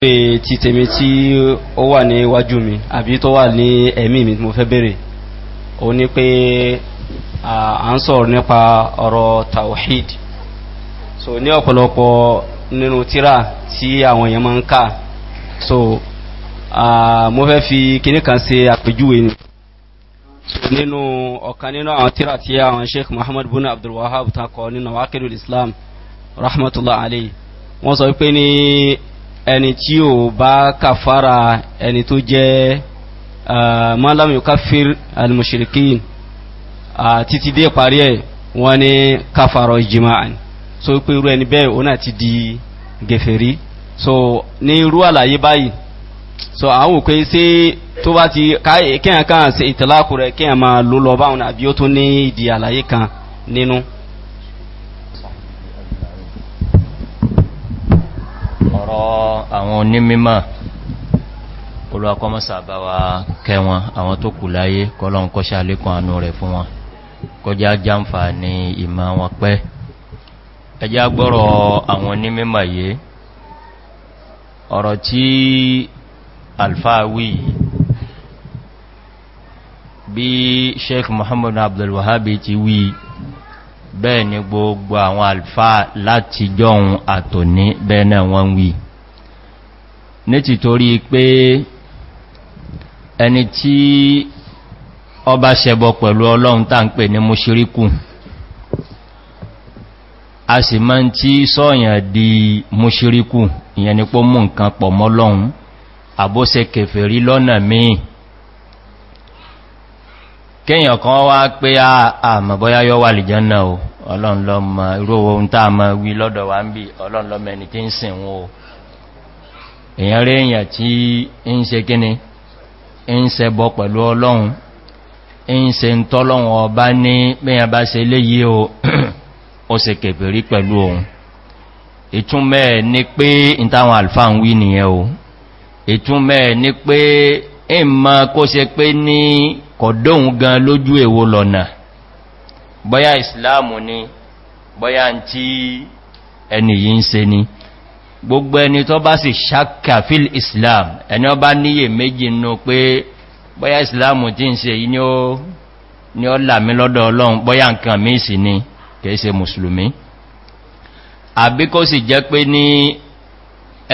pé ti tèmi tí ó wà ní iwájú mi àbí tó wà ní ẹ̀mí mi mo fẹ́ bèèrè ó ní pé à ń sọ̀rọ̀ nípa ọ̀rọ̀ tawhid so ní ọ̀pọ̀lọpọ̀ nínú tíra tí àwọn èèyàn máa ń kà so mo fẹ́ fi kíní kan ṣe àpèjúwe ni nínú ọ̀kan nínú àwọn tíra tí àwọn sheikh muhammad bin abdul wahab ta kọ nínú wákìlú islam rahmatullah alayhi wọ́n sọ pé ní ẹni tí ó bá kàfàrà ẹni tó jẹ́ malam yukafir al-mushrikin títí dé parí ẹ̀ wọ́n ní kàfàrọ̀ jima'an so pé irú ẹni bẹ́ẹ̀ ó náà ti di gẹ̀fẹ̀rí so ní irú àlàyé báyìí so àwọn òkè sí tó bá ti kíyàn kan sí ìtàlákù rẹ̀ kíyàn máa lò lọ àwọn onímímọ̀ olùwàkọ́mọ́sà bá wa kẹwọn àwọn tó kù láyé kọlọ́n kọ́ṣà lékún àánú rẹ̀ fún wọn kọjá jáǹfà ní ìmọ̀ wọn pẹ́ ẹjá gbọ́rọ̀ àwọn onímímọ̀ yé ọ̀rọ̀ tí alfáàwí sheikh muhammad abdulwahabi ti wí bẹ́ẹ̀ ni gbogbo àwọn alfáà láti jọun àtòní bẹ́ẹ̀ náà wọ́n wí ní ti torí pé ẹni tí ọba ṣẹbọ pẹ̀lú ọlọ́run tá ń pè ní mùṣíríkù a sì máa tí sọ́yàn di mùṣíríkù ìyẹn ni pó mú nǹkan pọ̀ mọ́lọ́run àbóse kèfèrí lọ́nà míì kíyàn kan wá pé àmàbọ́yá yọ́ wà lìjánà o ọlọ́run lọ́mọ irú ohun tá a wí lọ́dọ̀ wá ń bí ọlọ́run lọ́mọ ẹni tí ń sìn wọn o èyàn rí èyàn tí ń ṣe kíni ń ṣe bọ pẹ̀lú ọlọ́run ń ṣe ń tọ́lọ́run ọba ní bẹ́yàn bá ṣe léyìí o ó ṣe kèfèrí pẹ̀lú ohun ìtúnmẹ́ ní pé ìtàwọn alfa ń wí nìyẹn o ìtúnmẹ́ ní pé ìmọ̀ kó ṣe pé ní kọ̀dóhun gan lójú èwo lọ́nà bọ́yá ìsìláàmù ni bọ́yá ń tí ẹni yìí ń ṣe ni gbogbo ẹni tó bá sì ṣakà fil islam ẹni ọ bá níyè méjì nú pé bóyá islam tí ń se yìí ni ó làmí lọ́dọ̀ ọlọ́run bóyá nǹkan mí sí ni kẹsẹ musulmi àbí kó sì jẹ́ pé ní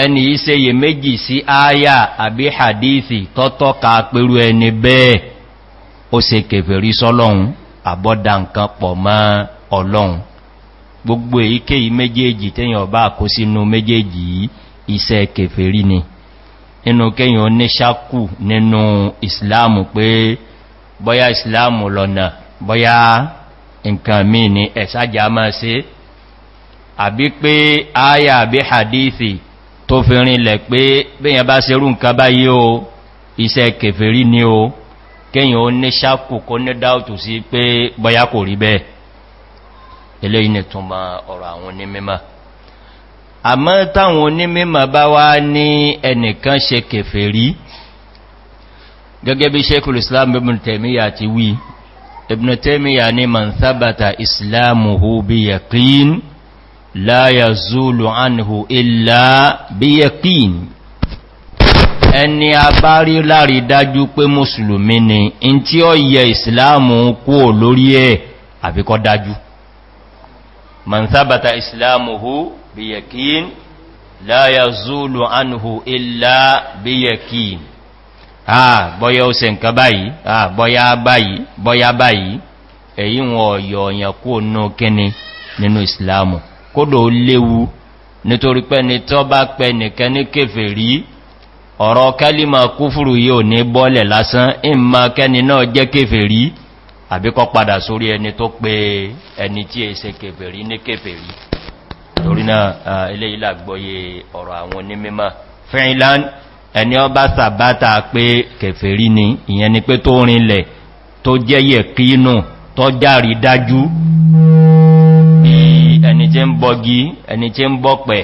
ẹni yìí se yè méjì sí áyà àbí hadithi tọ́tọ́ ka pẹ̀lú ẹni bẹ́ẹ̀ ó se kèfèrí sọ́lọ́run àbọ́dà nǹkan pọ̀ mọ́ ọlọ́run gbogbo èyíkéyìí méjèèjì tẹ́yìn ọba kó sínú méjèèjì yìí iṣẹ́ kèfèrí ni nínú kẹ́yìn ó ní ṣákù nínú ìsìláàmù pé bọ́yá ìsìláàmù lọ́nà bọ́yá nǹkan míì ni ẹ̀sájá máa ṣe àbí pé áyà àbí hadithi tó fi rinlẹ̀ pé bẹ́yàn bá ṣerú nǹkan báyìí o iṣẹ́ kèfèrí ni o kẹ́yìn ó ní ṣákù kó ní dáòtù sí pé bọ́yá kò rí bẹ́ẹ̀ ilé inú túnmà ọ̀rọ̀ àwọn onímẹ́mà àmọ́ táwọn onímẹ́mà bá wá ní ẹnìkan ṣe kèfèrí gẹ́gẹ́ bí sheikul islam ibn taimiyya ti wí ibn taimiyya ni man thabata islamuhu bi yaqin la yazulu anhu illa bi yaqin ẹni a bá rí dájú pé mùsùlùmí ni in tí ó yẹ ìsìláàmù kúò lórí ẹ̀ àfikọ́ dájú man thabata islamuhu biyakin la yazulu anhu illa biyakin ah bóyá ó ṣe nǹkan báyìí ah bóyá báyìí bóyá báyìí èyí wọn yo yan ku nu kini nínú islamu kodo léwu nítorí pé ni tó bá pè nìkan ní kèfèrí ọ̀rọ̀ kalima kúfùrù yìí ò ní bọ́lẹ̀ lásán ìmá kẹni náà jẹ́ kèfèrí àbíkọ́ padà sórí ẹni tó pé ẹni tí è ṣe kèfèrí ní kèfèrí torí náà ilé ilá gbọ́yé ọ̀rọ̀ àwọn onímímọ̀ fẹ́ìlán ẹni ọba sàbátà pé kèfèrí ni ìyẹn ni pé tó rinlẹ̀ tó jẹ́yẹ̀ kínú tó járí dájú ẹni tí ń bọ́gí ẹni tí ń bọ́pẹ̀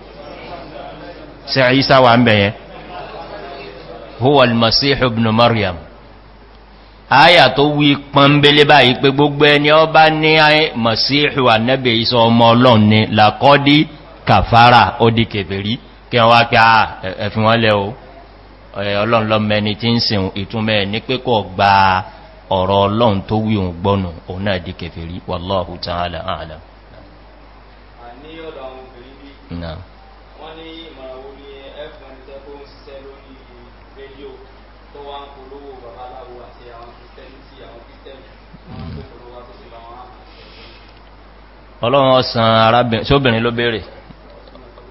sí Ìsá wà ń bẹ̀yẹn huwa al-masihu ibn maryam aya tó wí pọ̀nbélé báyìí pé gbogbo ẹni ó bá ní masihu annabi Ìsá ọmọ Ọlọ́run ni laqadi kàfàrà ó di kèfèrí kí wọ́n wá pé à ẹ̀fin wọ́n lẹ́ o Ọlọ́run ló No. ọlọ́run ọ̀sán arábìnrin tí obìnrin ló bèèrè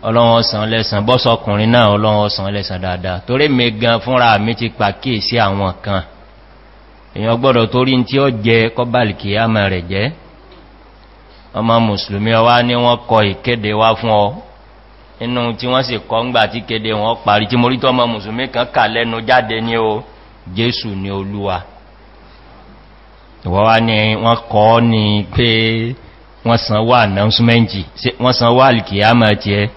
ọlọ́run ọ̀sán lẹ́sàn bọ́sọkùnrin náà ọlọ́run ọ̀sán lẹ́sàn dáadáa torí mi gan fúnra mi ti pàkíì sí àwọn kan èyàn gbọ́dọ̀ torí tí ó jẹ kọbálìkì àmà rẹ̀ jẹ́ ọmọ mùsùlùmí ọwá ní wọ́n kọ ìkéde wá fún ní o jésù ni wọ́n kọ́ ní pé wọ́n san wá announcementi wọ́n san wá alkiyama ti ẹ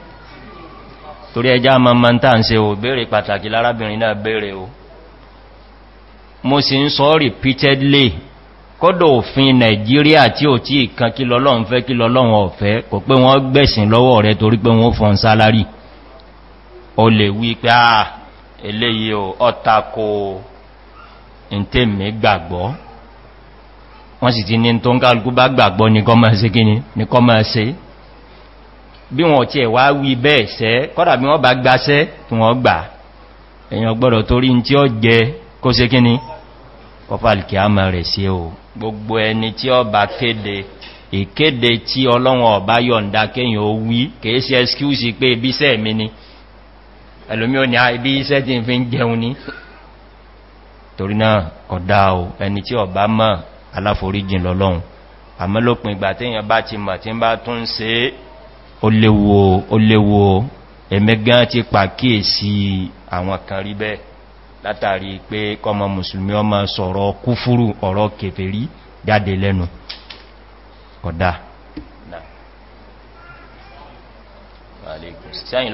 torí ẹjá ma ma ń tàà ń se o bèèrè pàtàkì lárábìnrin náà bèèrè o mo sì ń sọ repeatedly kọ́dọ̀ òfin nàìjíríà tí ò tí ìkan kí lọ́lọ́run fẹ́ kí lọ́lọ́run ọ̀fẹ́ kò pé wọ́n gbẹ̀sìn lọ́wọ́ rẹ torí pé wọ́n fọ́n sálárì o lè wí pé àà ah, eléyìí ọ̀tàkò ìntèmì gbàgbọ́ wọ́n sì ti ní tó ń kálùkú bá gbàgbọ́ ní kọ́ máa ṣe kíni ní kọ́ máa ṣe bí wọ́n ti ẹ̀wà wí bẹ́ẹ̀ ṣẹ́ kọ́dà bí wọ́n bá gbáṣẹ́ kí wọ́n gbà èyàn gbọ́dọ̀ torí tí ó jẹ kó ṣe kíni kọfàlìkì á máa rẹ̀ sí o gbogbo ẹni ni ẹlòmí ò ah, torí náà kọ̀dá o ẹni tí ọ̀bá máa aláforíjìn lọ́lọ́run àmọ́ lópin ìgbà tí èyàn bá ti mọ̀ tí ń bá tún ṣe ó léwo ó léwo ẹ̀mẹ́gán ti pàkíyèsí àwọn kan rí bẹ́ẹ̀ látàrí pé kọmọ musulmi ọmọ sọ̀rọ̀ kúfúrú ọ̀rọ̀ kèfèrí jáde lẹ́nu ọ̀dá sẹ́yìn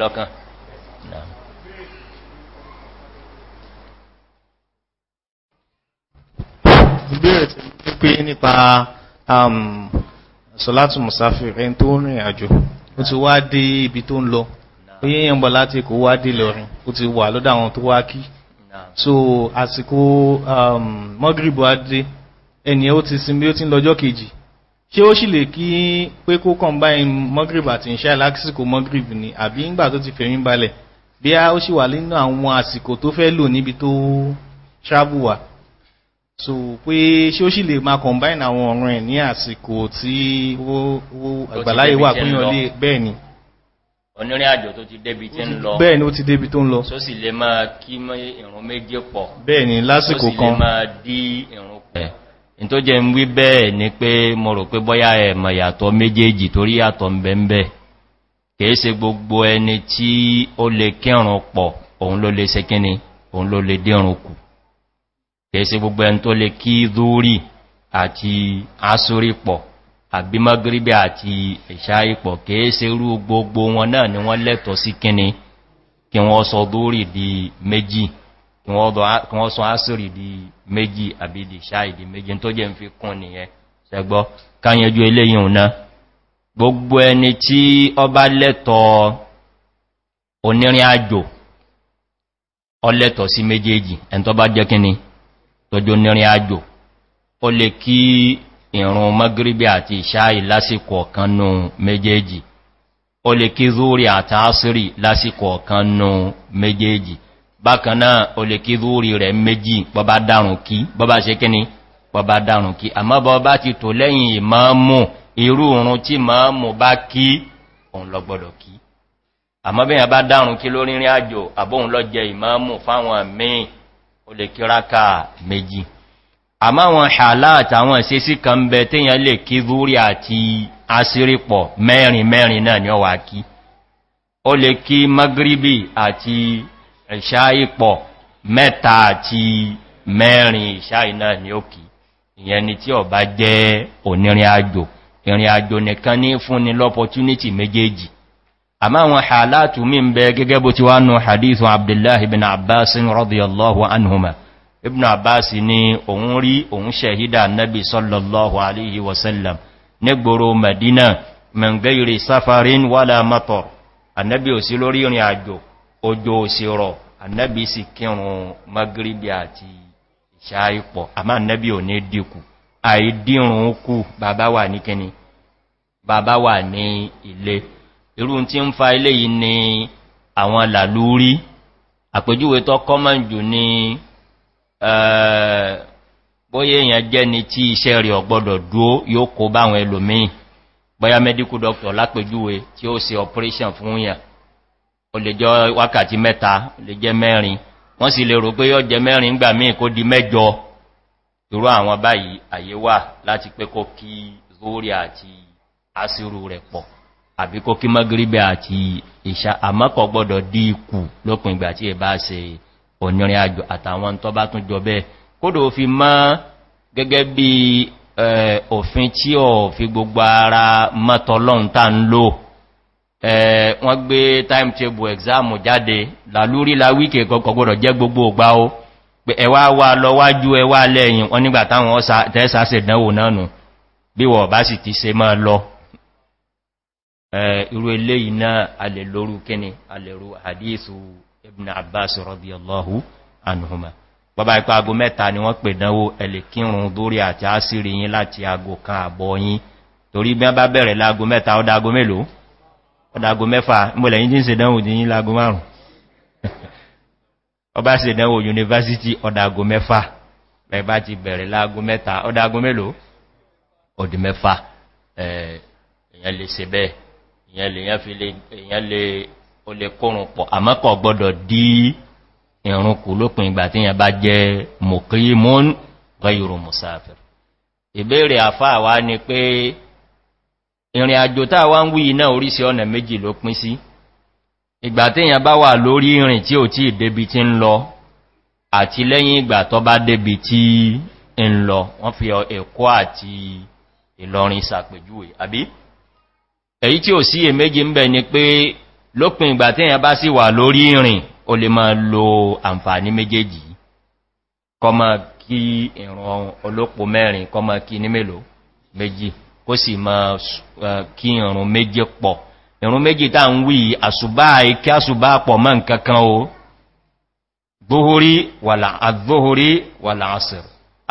ìbéèrè tí ó pé nípa um, sọ́látù musafir ẹni tó ń rìn àjò ó ti wá dé ibi tó ń lọ ó yẹ́ yẹn bọ̀ láti kò wá dé lọ́rin ó ti wà lọ́dọ̀ àwọn tó wá kí so àsìkò mọ́gìrìbù um, adé ẹni ó ti sinmi ó ti ń lọ́jọ́ kejì ṣé ó sì lè kí pé kó combine mọ́gìrìbù àti ìṣá lásìkò mọ́gìrìbù ni àbí ńgbà tó ti fẹ̀yìn balẹ̀ bí a ó sì wà nínú àwọn àsìkò tó fẹ́ lò níbi tó ṣáàbù wà so pé ṣé ó sì lè máa combine àwọn ọ̀ràn ẹ̀ ní àsìkò tí ó àgbàláyé wà pín ọlé bẹ́ẹ̀ ni onírin àjò tó ti débi tí ń lọ bẹ́ẹ̀ ni ó ti débi tó ń lọ só sì lè máa kí ìrùn méjì pọ̀ bẹ́ẹ̀ ni lásìkò kan só sì lè máa dí ìrùn pẹ̀ in tó jẹ́ ń wí bẹ́ẹ̀ ni pé mo pé kèèsì gbogbo ẹn tó lè kí dúrí àti asúrípọ̀ àbí magribi àti ìṣáyípọ̀ kèèsì rú gbogbo wọn náà ni wọ́n lẹ́tọ̀ sí kíni kí wọ́n sọ dúrí di méjì kí wọ́n sọ asúrí di méjì àbí di ṣáì di méjì tó jẹ́ ń fi kún nìyẹn ṣẹgbọ́ káyẹjú eléyìn òun náà gbogbo ẹni tí ọba lẹ́tọ̀ onírin àjò ọlẹ́tọ̀ sí méjèèjì ẹn bá jẹ́ kíni tọjọ́ nírin àjò ó lè kí ìrùn magribi àti ìṣáì lásìkò ọ̀kanú méjèèjì ó lè kí zúrí àtàásírì lásìkò ọ̀kanú méjèèjì bákanáà ó lè kí zúrí rẹ̀ méjì bọ́bá dárùn kí bọ́bá ṣe kíní bọ́bá dárùn kí àmọ́ bọ́bá ti tò lẹ́yìn ìmáàmù irú oòrùn tí máàmù bá kí òun dárùn kí lórí rìn àjò àbóhun lọ jẹ o lè kíráka méjì àmá wọn ṣàlá àtàwọn ìsẹsí kan bẹ tíyàn lè kí zúrí àti asírípọ̀ mẹ́rin mẹ́rin náà ni ó wà kí o lè kí magribi àti ìṣáìpọ̀ mẹ́ta àti mẹ́rin ìṣáì náà ni ó kí ìyẹn ni tí ó bá jẹ́ onírin àjò ìrìn àjò nìkan ní fún lọ́pọ̀túnítì méjèèjì àmá àwọn hàlátù mí ń bẹ gẹ́gẹ́ bó ti wá nù hadithu abdullahi ibn abbas radiyallahu anhuma ibn abbas ni òun rí òun ṣẹ̀hídà nabi sallallahu alaihi wasallam nígboro madina mẹ́ngẹ́rì safarin wala mator annabi ò sí lórí ìrìn àjò ojo òsìrọ̀ annabi sì kírun magribi àti ìṣáipọ̀ àmá annabi ò ní díkù àìdírun kú bàbá wà ní kíni bàbá wà ní ilé irú tí ń fa ilé yìí ni àwọn làlúrí àpèjúwe tó kọ́mọ̀ jù ní eh, bóyé èèyàn jẹ́ ni tí iṣẹ́ rẹ̀ ọ̀gbọ́dọ̀ dúó yóò kó báwọn ẹlòmíì bóyá medical doctor lápèjúwe tí ó se operation fún yàn o lè jọ wákàtí mẹ́ta o lè jẹ́ mẹ́rin wọ́n sì lè rò pé yóò jẹ mẹ́rin gbà míì kó di mẹ́jọ irú àwọn báyìí àyè wà láti pé kó kí lórí àti àsìrù rẹ̀ pọ̀ àbíkó kí magribe àti ìṣà àmọ́kọ̀ gbọ́dọ̀ dí ikù lópin ìgbà tí ẹ bá ṣe ònìrin àjò àtàwọn tó bá tún jọ bẹ́ẹ̀ kódò fi mọ́ gẹ́gẹ́ bí òfin tí ọ̀ fi gbogbo ara mọ́tọlọ́un tá ń lò timetable exam jáde la wíkẹ̀ kọkọ̀ gbọ́dọ̀ jẹ́ gbogbo ògbá ó pé ẹwà wà lọ wájú ẹwà lẹ́yìn wọn nígbà táwọn tẹ́sà ṣèdánwò náà nù bí wọ̀ bá sì ti ṣe mọ́ lọ irú ilé iná alè lórú kíni alèrú hadithu ibn abbas radiyallahu anhuma bàbá ipa ago mẹ́ta ni wọ́n pè dánwó ẹlè kírùn dórí àti àṣírí yín láti ago kan àbọ̀ yín torí bí bere bá bẹ̀rẹ̀ láago mẹ́ta ọdá ago mélòó ọdá ago mẹ́fà lè bẹ́ẹ̀ ìyẹn lè yẹn fi lè èyàn lè o lè kórùn pọ̀ àmọ́kọ̀ gbọ́dọ̀ dí ìrùn kù lópin ìgbà tí yẹn bá jẹ́ mọ̀kímọ́n gẹ́yìrò musafir ìbéèrè àfáà wá ni pé ìrìn àjò tàà wá ń wí iná orísìí ọ̀nà méjì ló pín sí ìgbà tí yẹn bá wà lórí ìrìn tí ò tí ìdébi tí ń lọ àti lẹ́yìn ìgbà tó bá débi tí ń lọ wọ́n fi ẹ̀kọ́ àti ìlọrin sàpèjúwe àbí èyí tí ò sí èméjì ń bẹ̀ ni pé lópin ìgbà tí èyàn bá sì wà lórí ìrìn o lè máa lo àǹfààní méjèèjì kọmọ kí ìran olópo mẹ́rin kọmọ kí ní mélòó méjì kó sì máa kí ìrùn méjì pọ̀ ìrùn méjì tá ń wí àṣùbá ikẹ́ àṣùbá pọ̀ mọ́ nkankan o gbóhorí wàlà àgbóhorí wàlà àṣìr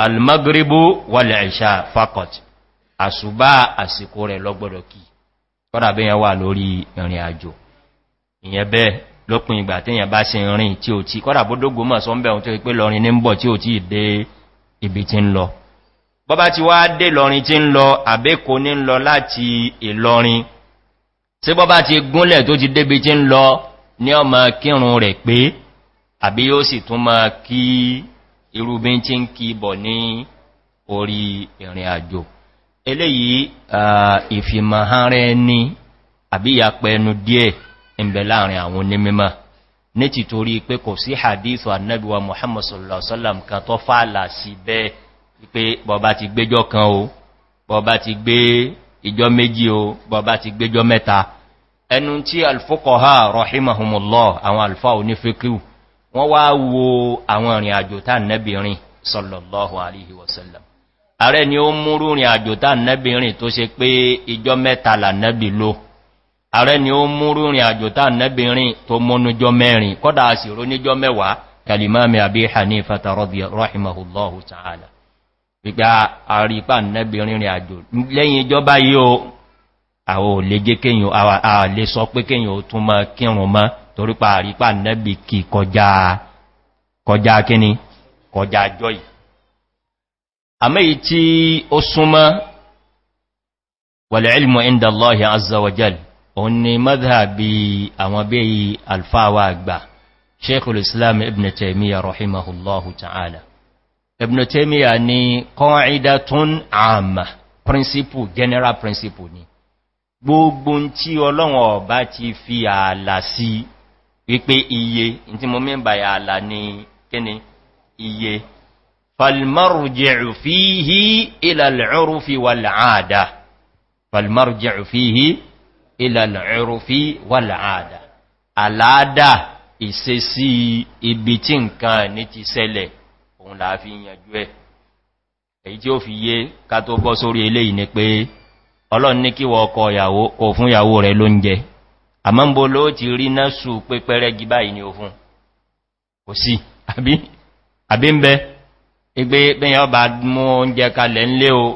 almagribu wàlà ìṣà fakọ̀t àṣùbá àsìkò rẹ̀ lọ́gbọ́dọ̀ kìí kọ́dà bí yẹn wà lórí ìrìn àjò ìyẹn bẹ́ẹ̀ lópin ìgbà tí yẹn bá se rìn tí ó ti kọ́dà bódógó mọ̀ sọ ń bẹ̀rún tó pé lọrin ní ń bọ̀ tí ó ti dé ibi tí ń lọ bọ́bá ti wá dé lọrin tí ń lọ àbékò ní ń lọ láti ìlọrin tí bọ́bá ti gúnlẹ̀ tó ti débi tí ń lọ ní ọmọ kírun rẹ̀ pé àbí yóò sì tún mọ kí irúbin tí ń kí bọ̀ ní orí ìrìn àjò eléyìí ìfìmọ̀hánrẹ ní àbíyàpẹ ẹnu díẹ̀ ìbẹ̀ láàrin àwọn onímẹ́mọ́ ní ti torí pé kò sí hadithu annabiwa muhammad sallallahu alaihi wasallam kan tó fààlà sí bẹ́ẹ̀ pé bọ̀bá ti gbéjọ́ kan o bọ̀bá ti gbé ìjọ méjì o bọ̀bá ti gbéjọ́ mẹ́ta ẹnu tí alfukọha rahimahumullah ààrẹ ni ó múrú rìn àjò tá nẹ́bì rìn tó ṣe pé ìjọ mẹ́tàlà nẹ́bì ló ààrẹ ni ó múrú rìn àjò tá nẹ́bì rìn tó múnújọ mẹ́rin kọ́dà àsìrò níjọ mẹ́wàá kalimami abi hanifa tarọ́bì rahimahullahu ta'ala kọjá kíní kọjá àmẹ́yí tí ó súnmọ́ wàlẹ̀ ilmọ̀ inda Allah azawajal òun ni madhabi àwọn bí i alfawa àgbà sheikhul islam ibn taimiyya rahimahullahu ta'ala ibn taimiyya ni qa'idatun amma principle general principle ni gbogbo tí ọlọ́wọ̀n ọba ti fi ààlà sí wípé iye tí mo mẹ́bàá فالمرجع فيه إلى العرف والعادة فالمرجع فيه إلى العرف والعادة العادة ìsẹsí ibi tí nǹkan ní ti sẹ́lẹ̀ òun la fi fi yé ká tó bọ́ sórí eléyìí ni pé ọlọ́run ní kíwọ ọkọ̀ kò fún ìyàwó rẹ̀ ló ń jẹ àmọ́ ló ti rí náà sù pé pẹ́rẹ́gì báyìí ni ó fún kò sí àbí ń bẹ́ ìgbé bẹ́yàn bá mú oúnjẹ kalẹ̀ ń lé o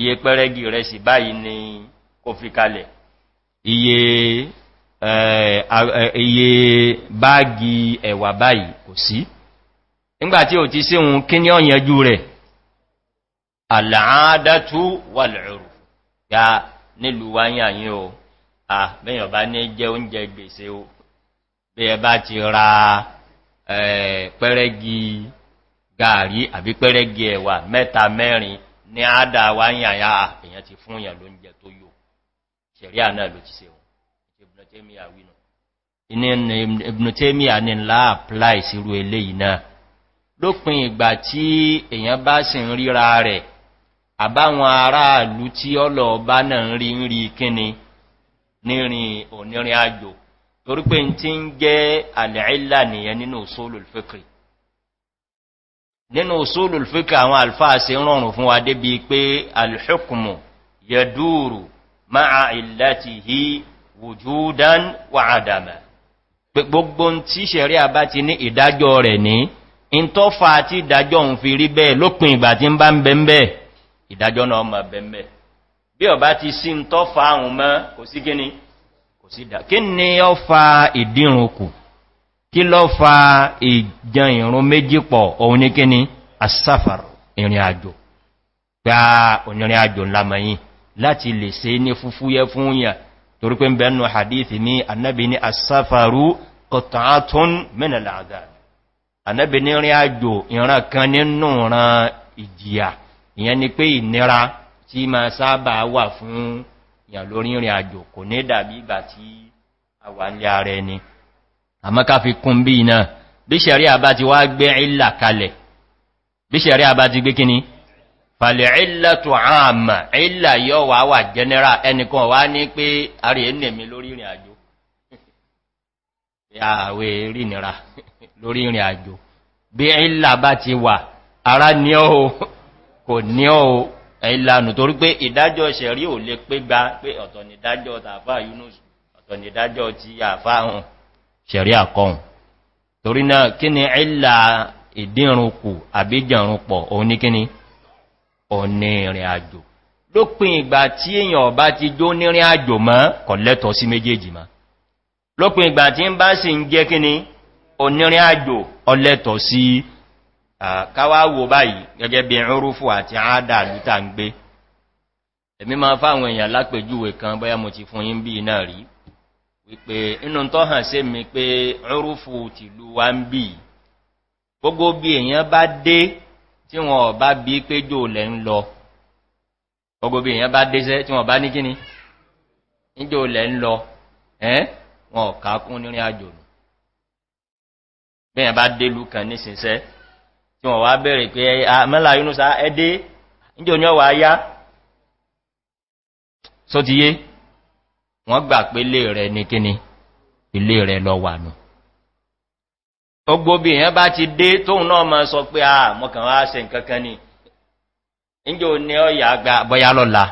iye pẹ́rẹ́gì rẹ̀ sì báyìí ni kò fi kalẹ̀ iye eh, iye báàgì ẹ̀wà báyìí kò sí nígbàtí ò ti síhun kí ní ọ̀yẹnjú rẹ̀ àlàádátú wà lẹ̀rù ya nílùú wáyé àyín o à bẹ́yàn bá ní jẹ oúnjẹ gbèsè o bẹ́yẹ bá ti ra eh, pẹ́rẹ́gì gàárí àbí pẹ́rẹ́gì ẹ̀wà mẹ́ta mẹ́rin ní àádà wá ń yàyà èyàn ti fún yàn ló ń jẹ tó yóò ṣẹ̀rí àná ló ti sẹ́wọ̀n ibùnotẹ́míà wínú ibùnotẹ́míà ní láàpláì sírú eléyìí náà lópin ìgbà tí èyàn bá sì ń ríra rẹ̀ àbáwọn aráàlú tí ọlọ̀ ọba náà ń rí ń rí kíni nírin onírin àjò torípé tí ń jẹ́ àlẹ́ ìlànìyàn nínú sólùfẹ́kìrì nínú òṣòlù fíkà àwọn alfáà se rọrùn fún wa débi pé alhukumu ya dúrù máa ìlàtí hí wùjúdán wà àdàmà gbogbo tí ṣẹ̀rí àbá ti ní ìdájọ́ rẹ̀ ní in tó fa tí ìdájọ́ ń fi rí bẹ́ẹ̀ lópin ìgbà tí ń bá ń bẹ́ẹ̀ ìdájọ́ náà mọ̀ bẹ́ẹ̀ kí lọ fa ìjan ìrún méjì pọ̀ òun ní kíni asáfàr ìrìn àjò gba ònìrìn àjò lámọ̀yìn láti lè ṣe ní fúfúyẹ fún yà torí pé ń bẹ̀ẹ́nu hadith ní annabi ní asáfàrú kọtàátún mẹ́nàlá àgáàdì ànẹ́bì ní rí àjò ìran kan nínú ran ìjìyà ìyẹn ni pé ìnira tí ma sábà wà fún ìyàn lórí ìrìn àjò kò ní dàbí ìgbà tí àwà ní ààrẹ ni àmọ́ká fi kún bí iná bí ṣẹ̀rí àbá ti wá gbé ìlà kalẹ̀ bí ṣẹ̀rí àbá ti gbé kíní fàlẹ̀ ìlà tó àmà ìlà yọ wà wà jẹ́nẹ́rà ẹnìkan wá ní pé àrí ẹnẹ̀mí lórí ìrìn àjò àwẹ̀ rìnira lórí ìrìn àjò bí ìlà bá ti wà ara ní ọ́ kò ní ọ́ ìlànà torí pé ìdájọ́ ṣẹ̀rí ò lè pé gba pé ọ̀tọ̀ tàfà yunus ọ̀tọ̀ ti àfáhùn ṣẹ̀rí àkọhùn torí náà kí ni ìlà ìdínrunkù àbíjànrunpọ̀ òun ní kí ni ọ̀nà ìrìn àjò lópin ìgbà tí èyàn ọba ti jó nírin àjò mọ́ kọ̀ lẹ́tọ̀ sí méjèèjì mọ́ lópin ìgbà tí ń bá sì ń jẹ́ kí ni onírin àjò ọlẹ́tọ̀ sí káwàwò báyìí gẹ́gẹ́ bí wípé inú tó hàn sí mi pé ọrúfù tìlú wa ń bí gbogbo bí èyàn bá dé tí wọn bá bí pé jò lẹ ń lọ gbogbo bí èyàn bá dé sẹ́ tí wọn bá ní kíní níjò lẹ ń lọ ẹ́n wọn ọ̀ká kún nírin àjòrò bẹ́yàn bá dé lúkan nísinsẹ́ tí wọ́n wá bẹ̀rẹ̀ pé yúnúsá níjò ní ọwà ayá ti yé wọ́n gbà pé lè rẹ̀ ní kíni ilé rẹ̀ lọ wà nù ogbóbi èyàn bá ti dé tóun náà ma sọ pé a mọ́kàn wá se nkankan ni ìjọ ní ọ̀yà àgbà bọ́yá lọ́la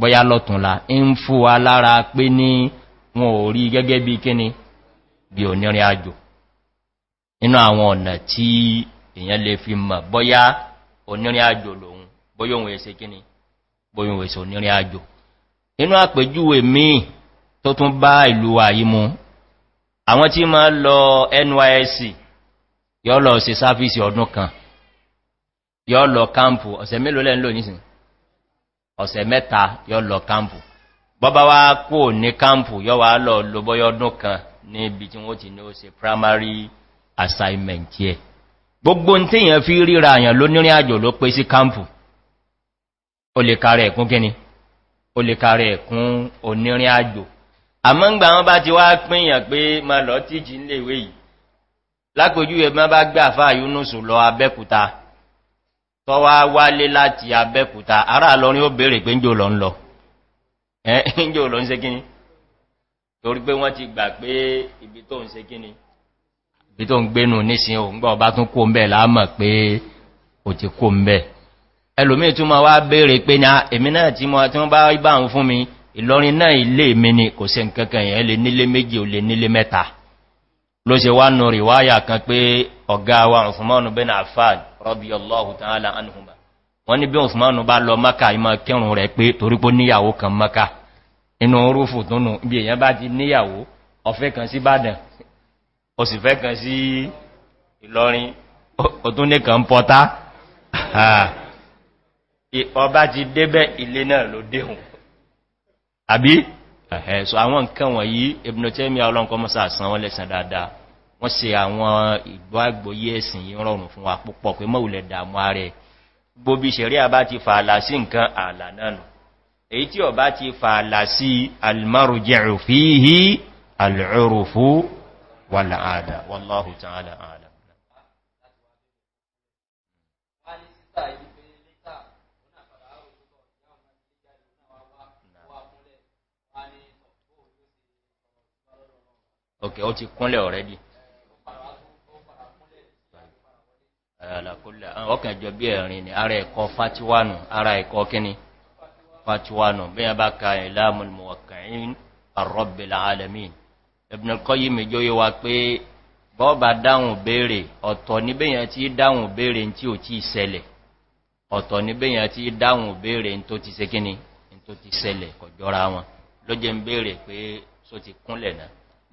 bọ́yá lọ́túnla ń fún wa lára pé ní wọn ò rí gẹ́gẹ́ bí kíni bí onírin àjò inú àwọn ọ̀nà tí èyàn lè fi mọ̀ bọ́yá onírin àjò lòun bóyóhun èsè kíni bóyóhun èsè onírin àjò inú àpèjúwe míì tó tún bá ìlú àyí mú àwọn tí ma lọ nysc yọ́ lọ sí sáfíìsì ọdún kan yọ́ lọ kámpù ọ̀sẹ̀ mélòó lẹ́n lò nísìn ọ̀sẹ̀ mẹ́ta yọ́ lọ kámpù bọ́bá wá kó ní kámpù yọ́ wá lọ lọ́bọ́yọ́dún kan ní ibi tí wọ́n ti ní ó se primary assignment yẹ gbogbo tí èyàn fi ríra àyàn ló nírin àjò ló pé sí kámpù o lè kààrẹ ẹ̀kún kíni o lè kààrẹ ẹ̀kún onírin àjò àmọ́ ń gbà wọ́n bá ti wá pínyàn pé ma lọ tíjì nílé ìwé yìí lápòjú ẹ̀ má bá gbà fà yúnúsù lọ abẹ́kúta tọ́ wá wálé láti abẹ́kúta ará lọrin ó bèèrè pé njò lọ ń lọ njò lọ ń se kíní torí pé wọ́n ti gbà pé ń se kíní ń gbénu nísin òun ìlọrin náà ilé mi ni kò sí nkankan yẹn lè nílé méjì ò lè nílé mẹ́ta ló ṣe wá nù ríwáyà kan pé ọ̀gá wa ọ̀fùnmọ́nù bẹ́ na fàd rọ́bí ọlọ́hù tánàlá anùhùnmá wọ́n ní bí ọ̀fùnmọ́nù bá lọ maka ìmọ̀ kírùn rẹ̀ pé torípó níyàwó kan maka inú orúfù tónù bí èyàn bá ti níyàwó ọ̀fẹ́ kan sí bàdàn ó sì fẹ́ kan sí ìlọrin ó tún ní kan pọta ọba ti débẹ̀ ilé náà ló déhùn àbí ẹ̀hẹ́ so àwọn nǹkan wọ̀nyí ibùn tẹ́mí ọlọ́nkọ́ mọ́sá àsán wọ́n lẹ́sàn dáadáa wọ́n se àwọn ìgbọ́ àgbòyí ẹ̀sìn yí rọrùn fún wa púpọ̀ pé mọ́wùlẹ̀ dàmú ààrẹ gbóbi ṣẹ̀rí àbá ti fààlà sí nǹkan ok o ti kúnlẹ̀ already alákólẹ̀ ọkàn jọ bí ẹ̀rin ni ara ẹ̀kọ́ fatiwanu ara ẹ̀kọ́ kíni fatiwanu bí i bá ka ìlàmùl muwakkain arọ́bìl alamin ibn al-qayyim jọ yí wa pé bọ́ọ̀bà dáhùn béèrè ọ̀tọ̀ níbẹ̀yàn tí dáhùn béèrè tí ò tí ṣẹlẹ̀ ọ̀tọ̀ níbẹ̀yàn tí dáhùn béèrè tó ti ṣe kíni tó ti ṣẹlẹ̀ kọjọ́ra wọn ló ń béèrè pé só ti kúnlẹ̀ náà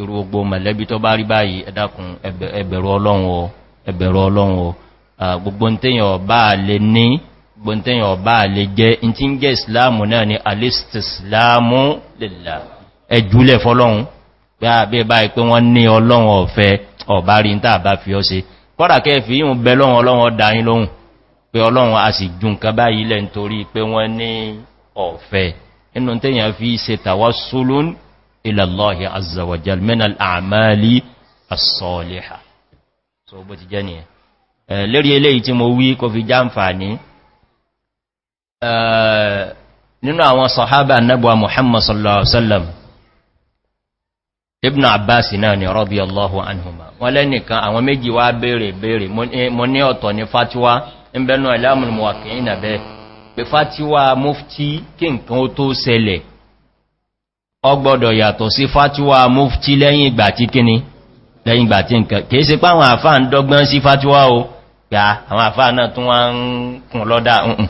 irú gbogbo mẹ̀lẹ́bí tó bá rí báyìí ẹ̀dàkùn ẹbẹ̀rọ ọlọ́run ọ gbogbo tẹ́yàn ọba lè ní gbogbo tẹ́yàn ọba lè jẹ́ in tí ń jẹ́ islamu náà ni alistislamu lèlà ẹjúlẹ̀ fọ́lọ́run bí i báyìí pé wọ́n ní ọlọ́run ọ̀fẹ́ ọ̀bá rí tàà bá ilallahi azawajal minal amali asọ́lẹ̀ha so bó ti jẹ́ ni ẹ̀ lérí eléyìí tí mo wí kò fi jáǹfàní nínú àwọn sọ̀hábà annabuwa muhammad sallallahu alaihi wasallam ibn abbas náà ni rọ́bí allahu anhuma wọ́n lẹ́nìkan àwọn méjì wá bèèrè bèèrè mo ní ọ̀tọ̀ ní fatiwa ń bẹ́nu alámùn muwaki'ina bẹ́ pé fatiwa mufti kí nǹkan ó tó sẹlẹ̀ ọgbọ́dọ̀ yàtọ̀ sí fatiwa mufti lẹ́yìn ìgbà tí kíní lẹ́yìn ìgbà tí nǹkan kìí sí páwọn àfá ń dọ́gbọ́n sí fatiwa o ya àwọn àfá náà tún wá ń kùn lọ́dá ǹkan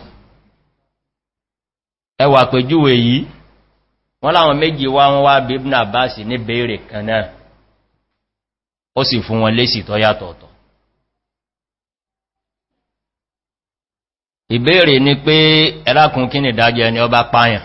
ẹwà pẹ̀júwè yìí wọ́n láwọn méjì wá wọ́n wá bí ibn abbas ní bèèrè kan náà ó sì fún wọn ìbéèrè ni pé ẹlákùnkí ni dájẹ́ ni ọba páyàn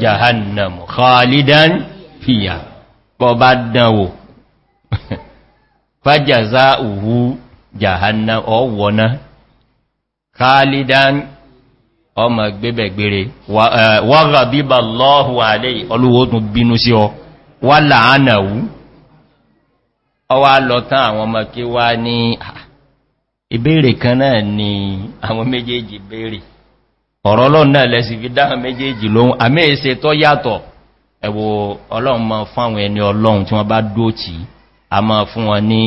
jahannam khalidan fiya bọ́ bá dánwò fàjàzá òhú jahannam ọwọ́ná khalidan ọmọ gbébẹ̀gbére wọ́gà bíbà lọ́hù alẹ́ olúwótún bínú sí ọ wà láàánàwú ọwá lọ́tán àwọn ọmọ kí wá ní ah, ìbéèrè kan náà ni àwọn méjèèjì béèrè ọ̀rọ̀ ọlọ́run náà lẹ́sì fi dáhà méjèèjì lóhun àmẹ́ẹ̀ṣe tó yàtọ̀ ẹ̀wò ọlọ́run ma fáwọn ẹni ọlọ́run tí wọ́n bá dóòtì a ma fún wọn ní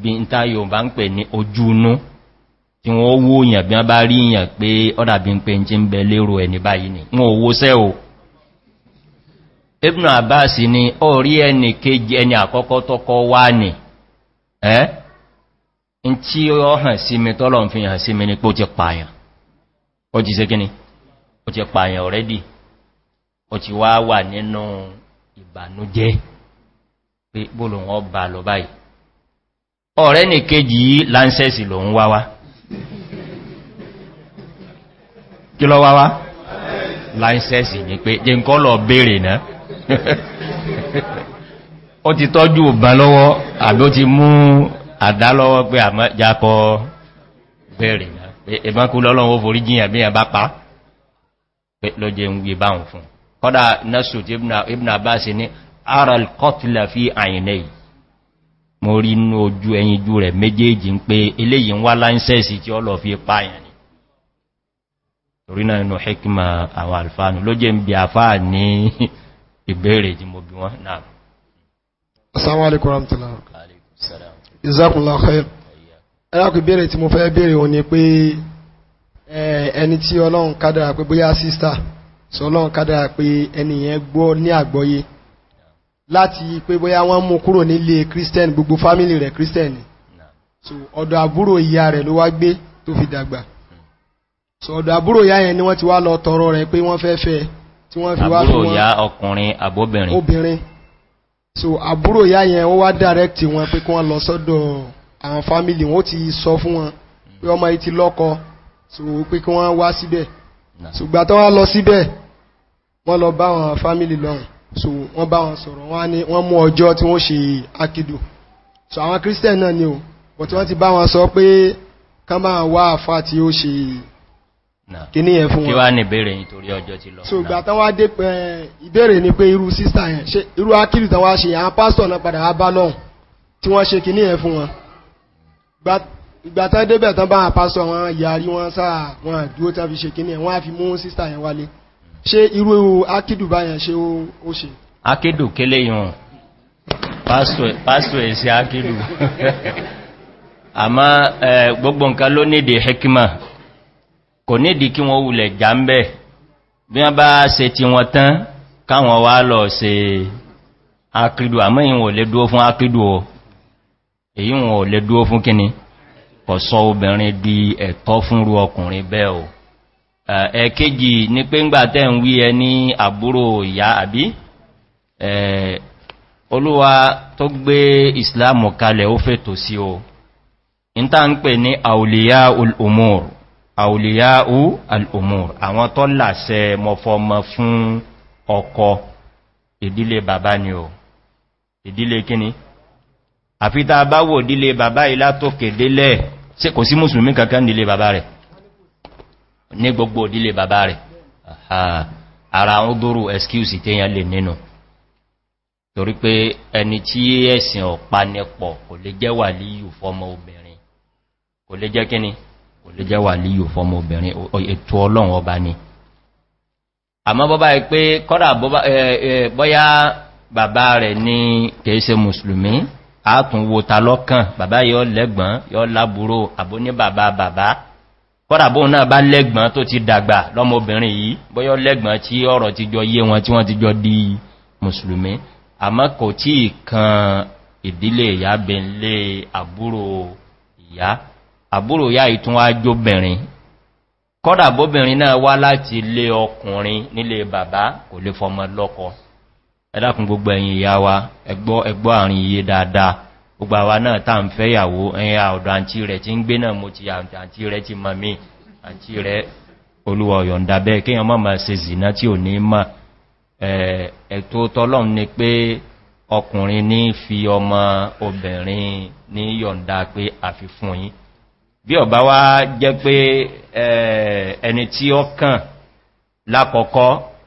bí n tá yóò ń pè ní ojú tí wọ́n wó yàn bí wọ́n bá rí yàn pé ọ́dà bí n pè ń ń bẹ lérò ẹni báyìí ni ó ti ṣe gíní ó ti pààyàn ọ̀rẹ́dì ó ti wá wà nínú ìbànújẹ́ pé bóòlù wọn bá lọ báyìí ọ̀rẹ́ ní kéjì yí láńsẹ́sì lòun wáwá kí lọ wáwá láńsẹ́sì ní pé jẹ nǹkan bèèrè náà ó ti tọ́jú ọ̀bá lọ́wọ́ àbí ó ti mú àdá lọ́wọ́ pé àmọ́ jákọ bèèrè ìbánkú lọ́lọ́wọ́ forí jíyàn bí i bá pa ló jẹ ń gbé báhùn fún kọ́dá nasu ti ibn abbas ní aral kọtila fi àyìnà yìí mo rí inú ojú ẹyinjú rẹ̀ méjèèjì ń pé eléyìí ń wá láńsẹ́sì tí ó fi páyàn ni hekima àwọn alfanu ló jẹ́ ń bí afáà ní ìbéèrè tí mo ẹlákùn ìbéèrè tí mo fẹ́ béèrè òun ni pé ẹni tí ọlọ́run kádàrà pé bóyá sísà sọ ọlọ́run kádàrà pé ẹni yẹn gbọ́ ní àgbọ́yé láti pé bóyá wọ́n mú kúrò nílé christian gbogbo fámìlì rẹ̀ christian so ọ̀dọ̀ àbúrò ìyá rẹ̀ ló wá gbé tó fi dàgbà so ọ̀dọ̀ àbúrò ìyá yẹn ni wọ́n ti wá lọ tọrọ rẹ̀ pé wọ́n fẹ́ fẹ́ tí wọ́n fi wá fún wọn ọkùnrin àbóbìnrin so àbúrò ìyá yẹn ó wá direct wọn pé kí wọ́n lọ sọ́dọ̀ àwọn fámìlì wọn ti sọ fún wọn pé ọmọ yìí ti lọ́kọ so pé kí wọ́n wá síbẹ̀ ṣùgbọ́n tó wá lọ síbẹ̀ wọ́n lọ bá àwọn fámìlì lọ́hùn so wọ́n bá wọn sọ̀rọ̀ wọ́n ní wọ́n mú ọjọ́ tí wọ́n ṣe akídò so àwọn christian náà ni o but wọ́n ti bá wọn sọ pé kán máa wá àfà tí ó ṣe kíní yẹn fún wọn kí wá ní ìbéèrè yìí torí ọjọ́ ti lọ so ìgbà tán wá dé eh, ìbéèrè ni pé irú sísà yẹn ìgbà tán débẹ̀ tán bá pásọ wọn yàrí wọn sáà wọn àdúró tán fi ṣe kíní ẹ̀ wọ́n á fi mú sísà yẹn wálé ṣé irú akídù báyẹn ṣe ó ṣe akídù kélé yùn pásítọ̀ èsì akídù àmá gbogbo nǹkan ló nídi hekima kò nídi kí wọ́n wulẹ̀ jàmbẹ̀ bí wọ́n bá ṣe ti wọn tán káwọn wá lọ ṣe akídù àmọ́ ìwọ̀n lè dúó fún akídù o èyí wọn ò lè dúó fún kíni kọ̀ sọ obìnrin di ẹ̀tọ́ fúnrú ọkùnrin bẹ́ẹ̀ o ẹ̀kejì ní pé ńgbà tẹ́ ń wí ẹ ní àbúrò ìyá àbí olúwa tó gbé islam kalẹ̀ ó fètò sí o ìta ń pè ní àòlìyà al'umur àòlìyà al'umur àwọn tó làṣẹ mọ̀fọ́mọ fún ọkọ̀ ìdílé bàbá ni o ìdílé kíni àfíta bá wò dílé bàbá ilá tó kèdé lẹ́ sí kò sí mùsùlùmí kankan dílé bàbá rẹ̀ ní gbogbo dílé bàbá rẹ̀ ara àwọn dúró excuse téyàn lè nínú torí pé ẹni tí ẹ̀sìn ọ̀pá nẹpọ̀ kò lè jẹ́ wà líyù fọ́mọ obìnrin kò lè jẹ́ kíni kò lè jẹ́ wà líyù fọ́mọ obìnrin ètò ọlọ́run ọba ni àmọ́ bọ́bá ẹ pé kọ́dà bọ́yá bàbá rẹ̀ ní kèése mùsùlùmí àátùn wo ta lọ́kàn bàbá yọ lẹ́gbọ́n yọ lábúrò àbó ní bàbá bàbá kọ́dàbó náà bá lẹ́gbọ́n tó ti dàgbà lọ́mọbìnrin yìí bọ́yọ́ lẹ́gbọ́n tí ọ̀rọ̀ ti jọ yé wọn tí wọ́n ti jọ di mùsùlùmí àmọ́ kò tí kan ìdílé ìyá bẹ̀lẹ̀ àbúrò ìyá àbúrò ìyá ìtún wá jóbìnrin kọ́dàbóbìnrin náà wá láti lé ọkùnrin nílé bàbá kò lè ẹ̀dàkùn gbogbo ẹ̀yìn ìyá wa ẹgbọ́ ẹgbọ́ àrin iye dáadáa gbogbo àwa náà tàà ń fẹ́ ìyàwó ẹ̀yà ọ̀dọ̀ àǹtí rẹ̀ tí ń gbé náà mo ti àǹtí rẹ̀ ti mọ̀ mí àǹtí rẹ̀ olúwa ọ̀yọ̀ǹda bẹ́ẹ̀ kíyàn mọ́ ma ṣe zìná tí ò ní mọ̀ ni pé ọkùnrin ní fi ọmọ obìnrin ní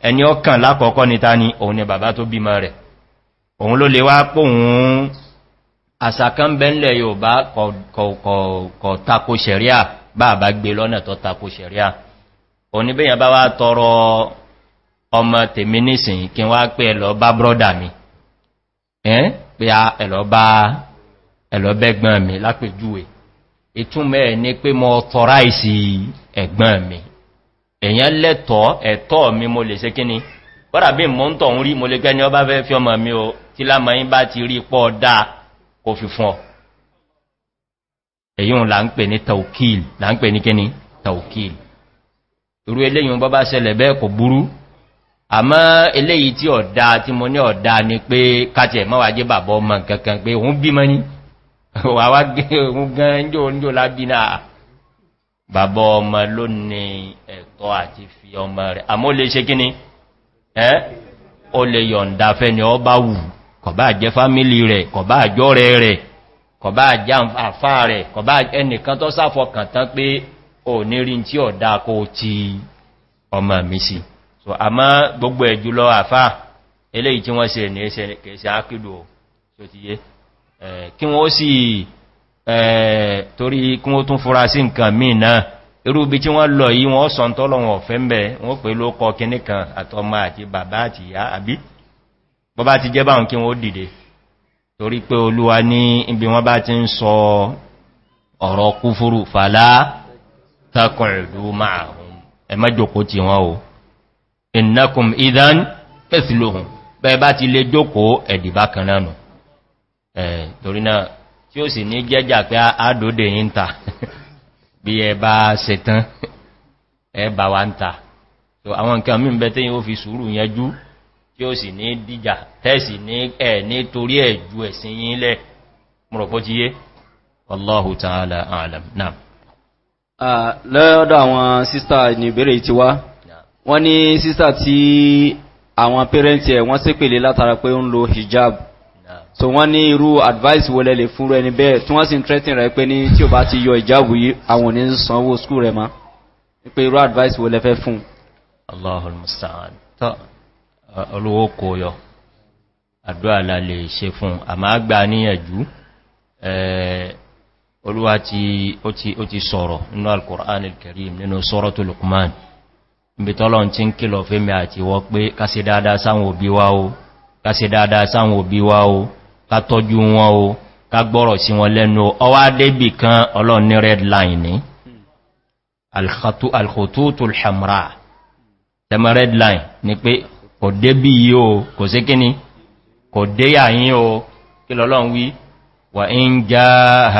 ẹni ọkàn lákọ̀ọ́kọ́ níta ni òun ni bàbá tó bímọ rẹ̀ òun ló lè wá pòun àsàkánbẹ̀lẹ̀ yóò bá kọ̀ tako sẹ̀ríà bàbá gbé lọ́nà tó tako sẹ̀ríà oníbẹ̀yàn bá wá tọrọ ọmọ tèmi nìsìn kí wá pé ẹ̀lọ bá brọ́dà mi ẹ́n pé ẹ̀lọ bẹ́gbọ́n mi èyàn lẹ́tọ̀ ẹ̀tọ́ mi mo lè ṣe kíní wọ́n dàbí mọ́ ń tọ̀hún rí mo lè gbẹ́ni ọba fẹ́ fi ọmọ mi o tí lámọ́yín bá ti rí pọ́ dáa kò fi fún ọ èyíun là ń pè ní taukil là ń pè ní kíní taukil irú eléyìn ṣẹlẹ̀ kò burú àmọ́ eléyìí tí ọ̀dá tí mo ní ni pé bàbá ọmọ ló ní ẹ̀tọ́ àti fi ọmọ rẹ̀ àmó lè ṣe kíní ẹ́ o lè yọ̀ǹda fẹ́ ni ọ bá wù kọ̀bá jẹ́ fámílì rẹ̀ kọ̀bá àjọ́ rẹ̀ rẹ̀ kọ̀bá àjá àfá rẹ̀ kọ̀bá ẹnìkan tó sáfọkàn kàntán pé o ní tí kó ọmọ mi eléyìí tí wọ́n ní ẹsẹ̀ kẹsẹ̀ ákìlò tó torí kún ó tún fura sí nǹkan míì náà irú bí tí wọ́n lọ yí wọ́n sọ tọ́lọ wọn ọ̀fẹ́ ń bẹ̀ wọ́n pè ló kọ kí nìkan àtọmọ àti bàbá àti ìyá àbí bọ́bá ti jẹ́ báhùn kí wọ́n dìde torí pé olúwa ní ibi wọ́n bá ti ń sọ ọ̀rọ̀ kúfúrú fàlá takùnrin tí ó sì ní jẹ́jà pé àádóde yí ń ta bí ẹ bá ṣetán ẹ wa ń ta mí tí fi sùúrù yẹjú tí ó sì ní dìjà tẹ́sì ní ẹ̀ nítorí ẹ̀ ju ẹ̀sìn yí lẹ̀ mọ̀rọ̀pọ̀ ti yé wallahu ta'ala alam náà hijab so wọ́n ní irú advice wọlé lè fún ẹni bẹ́ẹ̀ tí wọ́n sì ń threaten rẹ̀ pé ní tí o bá ti yọ ìjáàbù yìí àwọn ní sanwó school rẹ̀ ma pé irú advice wọlé fẹ́ fún Allahul musta'an tó olówó kò la lè ṣe fún àmá gbà níyànjú olúwa tí ó al-Qur'an al-Karim nínú Suratu Luqman ibi tọ́lọ̀ tí ń kìlọ̀ fẹ́mi àti wọ́n pé kásì dáadáa sáwọn òbí wa o kásì o ká tọ́jú wọn o ká gbọ́rọ̀ sí wọn lẹ́nu ọwá débì kan ọlọ́run ní red line ní alkhotutu alhamra tẹ́mọ red line ni pé kò débì yí o kò sí kíní kò dé yàyín o kí lọ́lọ́run wí wà ń já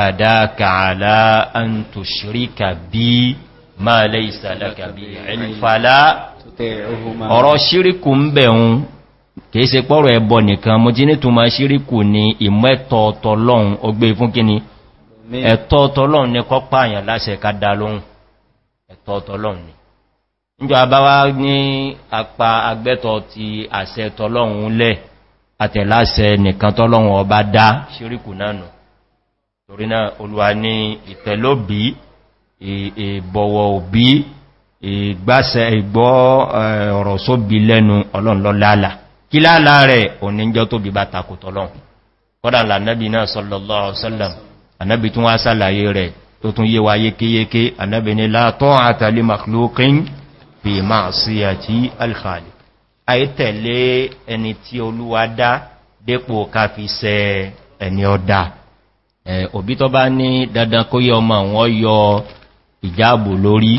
àdáka àlá an tó ṣíríkà bí máa lẹ́ kìí ṣe pọ́rọ̀ ẹbọ nìkan mo jí nítùmọ̀ ṣíríkù ni ìmọ́ ẹ̀tọ́ ọ̀tọ̀lọ́un ogbé e fún kíni ẹ̀tọ́ ọ̀tọ̀lọ́un ní kọ́pá àyàn láṣẹ kádà lóhun ẹ̀tọ́ ọ̀tọ̀lọ́un ni níjọ àbáwá ní apá agbẹ́tọ̀ ti àṣẹ tọ́lọ́un lẹ̀ àtẹ̀láṣẹ nìkan tọ́lọ́un ọba dá ṣíríkù náà torí náà olúwa ní ìtẹ̀lóbí ìbọ̀wọ̀ òbí ìgbásẹ̀ ìgbọ́ ọ̀rọ̀ sóbi lẹ́nu ọlọ́nlọ́lálàá kí láàlá rẹ̀ òníjọ́ tó bí bá takòtọ̀ lọ kọ́dà lànàbì náà sọ́lọ̀lọ́sọ́lọ̀m ànàbì tún wá sàlàyé rẹ̀ tó tún yé wa yékéyéké ànàbì ni látọ́ àtàlì makhlukin bí máa sí àti alkhali àìtẹ̀lé ẹni tí olúwa dá dépò ká fi sẹ ẹni ọdá òbí tó bá ní dandan kó yẹ ọmọ àwọn yọ ìjáàbò lórí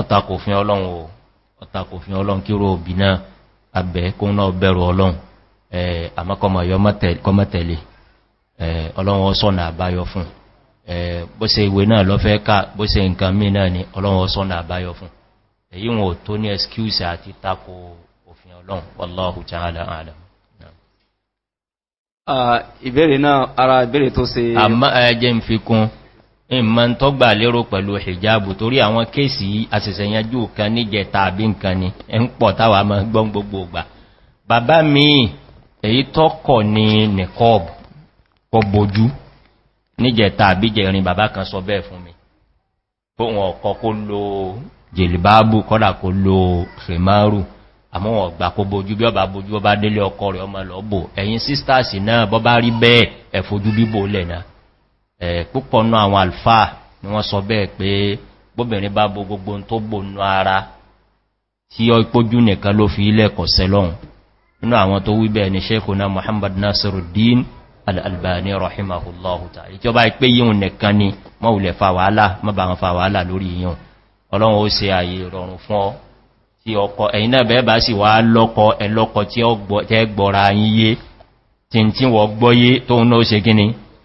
ọtakòfin ọlọ́run kí rò òbí náà abẹ́ kún náà bẹ̀rù ọlọ́run àmọ́kọmọ̀yọ́mọ́tẹ̀lẹ̀ ọlọ́run sọ́nà àbáyọ fún bó se ìwé náà lọ́fẹ́ ká bó se nǹkan mí náà ni ọlọ́run sọ́nà àbáyọ fún èyí wọn ò tó ní excuse àti tako òfin ọlọ́run wọ́lọ́hù ìmọ̀ tó gbà lérò pẹ̀lú hijabu torí àwọn kéèsì àṣẹ̀ṣẹ̀yànjú kan níjẹ tàbí nǹkan ni ẹ ń pọ̀ táwà mọ́ gbọ́n gbogbo ọgbà bàbá mi èyí tọ́kọ̀ ni nìkọ́b kọ bojú níjẹ tàbí jẹrin bàbá kan sọ bẹ́ẹ̀ fún mi fóhun ọ̀kọ́ kó lo jèlìbáàbù kọ́dà kó lo fèmárù àmọ́ wọn gbà kó bojú bí ọba bojú ọba délé ọkọ rẹ̀ ọmọ Eh, púpọ̀ náà àwọn alfa ni wọ́n sọ bẹ́ẹ̀ pé gbóbìnrin bá bo gbogbo tó gbónú ara tí ọ ipójú nìkan ló fi ilẹ̀ kọ̀sẹ̀ lọ́hun inú àwọn tó wíbẹ̀ ni sheikhu na muhammad nasiruddin al'albani rahimahullahu ta'ala ìjọba ipé yíò nìkan ni mọ́wulẹ̀ fa wàhálà mọ́bà wọn fa wàhálà lórí yíò ọlọ́run ó se àyè rọrùn fún ọ tí ọkọ̀ ẹ̀yìn náà bẹ́ẹ̀ bá sì wá lọ́kọ̀ tí wọ́n gbọ́yé tóun náà ó se gíní